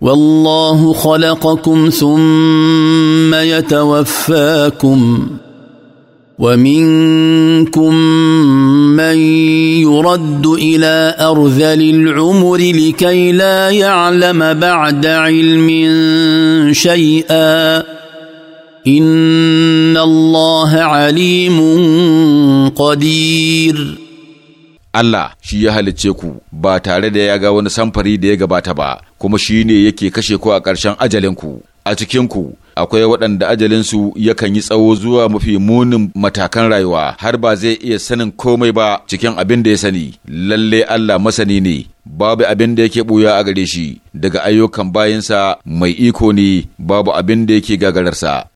والله خلقكم ثم يتوفاكم ومنكم من يرد الى ارذل العمر لكي لا يعلم بعد علم شيئا ان الله عليم قدير Allah shi ya halicce ku ba tare da ya ga wani samfari da ya gabata ba kuma shi ne yake kashe ku a ƙarshen ajalinku a cikinku akwai waɗanda ajalinsu yakan yi tsawo zuwa mafi munin matakan rayuwa har ba zai iya sanin komai ba cikin abin da ya sani lalle Allah masani ne babu abin da yake ɓuya a gare shi daga ayyukan bayansa mai iko ne babu abin da yake gagararsa